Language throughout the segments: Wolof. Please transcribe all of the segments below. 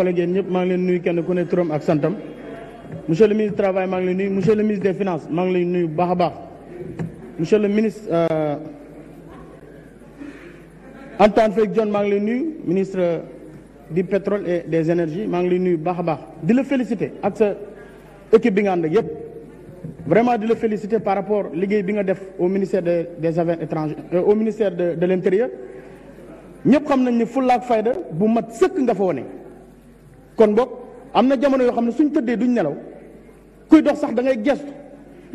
collègues yéen ñëpp maa ngi leen nuyu kenn ku ne turam ak santam monsieur le ministre travail maa ngi lay nuyu le ministre des finances maa ngi lay nuyu bu a baax monsieur le ministre euh, Antoine Félix Diome maa ngi lay nuyu ministre du pétrole et des énergies maa ngi lay nuyu baax a baax di la féliciter ak sa équipe bi nga ànd ak yëpp vraiment di la féliciter par rapport liggéey bi nga def au ministère de des affaires étrangères euh, au ministère de de l'intérieur ñëpp xam nañ ni fulla ak fayda bu mat sëkk nga fa wone kon boog am na jamono yoo xam ne suñ tëddee duñ nelaw kuy dox sax da ngay gestu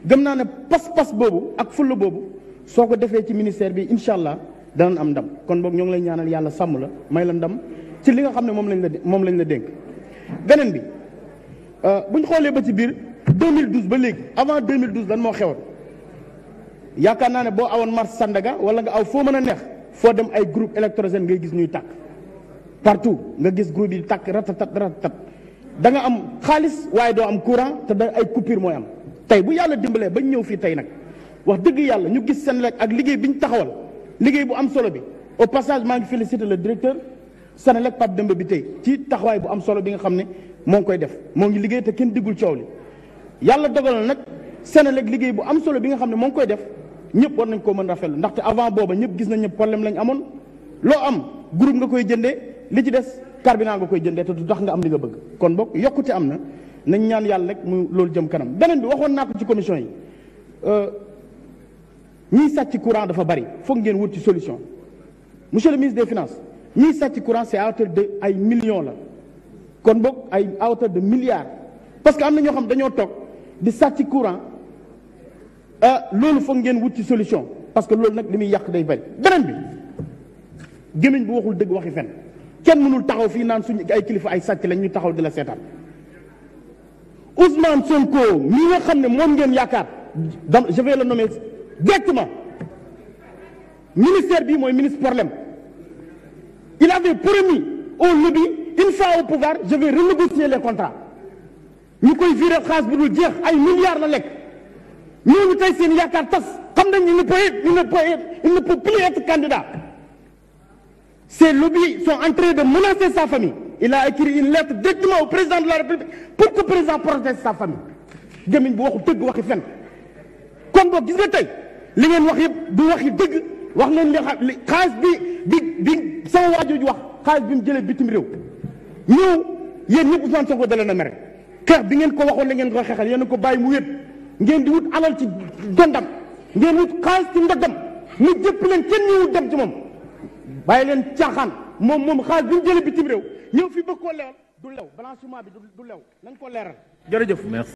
gëm naa ne pas-pas boobu ak fulla boobu soo ko defee ci ministère bi incha allah danañ am ndam kon boog ñoo ngi lay ñaanal yàlla sàmm la may la ndam ci li nga xam ne moom lañ la moom lañ la dénk. beneen bi euh, bu ñu xoolee ba ci biir 2012 ba léegi avant 2012 lan moo xewoon yaakaar naa ne boo awoon marché Sandaga wala nga aw foo mën a neex foo dem ay groupe électrogène ngay gis ñuy tàkk. partout nga gis groupe yi takk ratatat ratatat da am xaalis waaye doo am courant te da ay coupir mooy am tey bu yàlla dimbalee bañ ñëw fii tey nag wax dëgg yàlla ñu gis Senelec ak liggéey bi ñu taxawal liggéey bu am solo bi au passage maa ngi féliciter le directeur Senelec Pape Demba bi tey ci taxawaay bu am solo bi nga xam ne moo ngi koy def moom ngi liggéey te kenn diggul coow li yàlla dogal nag Senelec liggéey bu am solo bi nga xam ne moo ngi koy def ñëpp war nañ koo mën rafetlu ndaxte avant booba ñëpp gis nañ ne problème lañ amoon loo am groupe nga koy jëndee li ci des carburant nga koy jëndee te du tax nga am li nga bëgg kon boog yokkute am na nañ ñaan yàlla rek mu loolu jëm kanam beneen bi waxoon naa ko ci commission yi euh, ñiy sàcc courant dafa bari foog ngeen wut ci solution monsieur le mise des finance ñiy sàcc courant c'est à de ay million la kon boog ay à de milliards parce que am na ñoo xam dañoo toog di sàcc courant euh, loolu foog ngeen wut ci solution parce que loolu nag li muy yàq day bari beneen bi gémmiñ bu waxul dëgg waxi fen kenn mënul taxaw fii naan suñ ay kilifa ay sàcc lañ ñu taxaw di la seetaan Ousmane Sonko mi nga xam ne moom ngeen yaakaar je vais le nommer directement ministère bii mooy ministre problème il avait promis au lobby une fois au pouvoir ñu koy virer xaalis bu dul jeex ay milliards la lekk ñooñu tey seen yaakaar tas xam nañ ne il ne peut il ne peut plus être candidat. Ces lobbies sont en train de menacer sa famille. Il a écrit une lettre directement au président de la République pour que le président protège sa famille. gémmiñ bu waxu dëgg waxi fen kon boo gis nga tey li ngeen wax yëpp du waxi dëgg wax ngeen li xaalis bi bi bi sama waajur wax xaalis bi mu jëlee bitim réew ñëw yéen ñëpp Ousmane Sonko dalee na mere xeex bi ngeen ko waxoon la ngeen ko xeexal yéen a ko baay mu wét ngeen di wut alal ci dondam ngeen wut xaalis ci ndoddam mu jëpp leen kenn ñëwul dem ci moom bàyyi leen caaxaan moom moom xaalis bi ñu jëlee bitim réew ñëw fi bëgg koo leeral du lew blanchiment bi du lew nañ ko leeral jërëjëf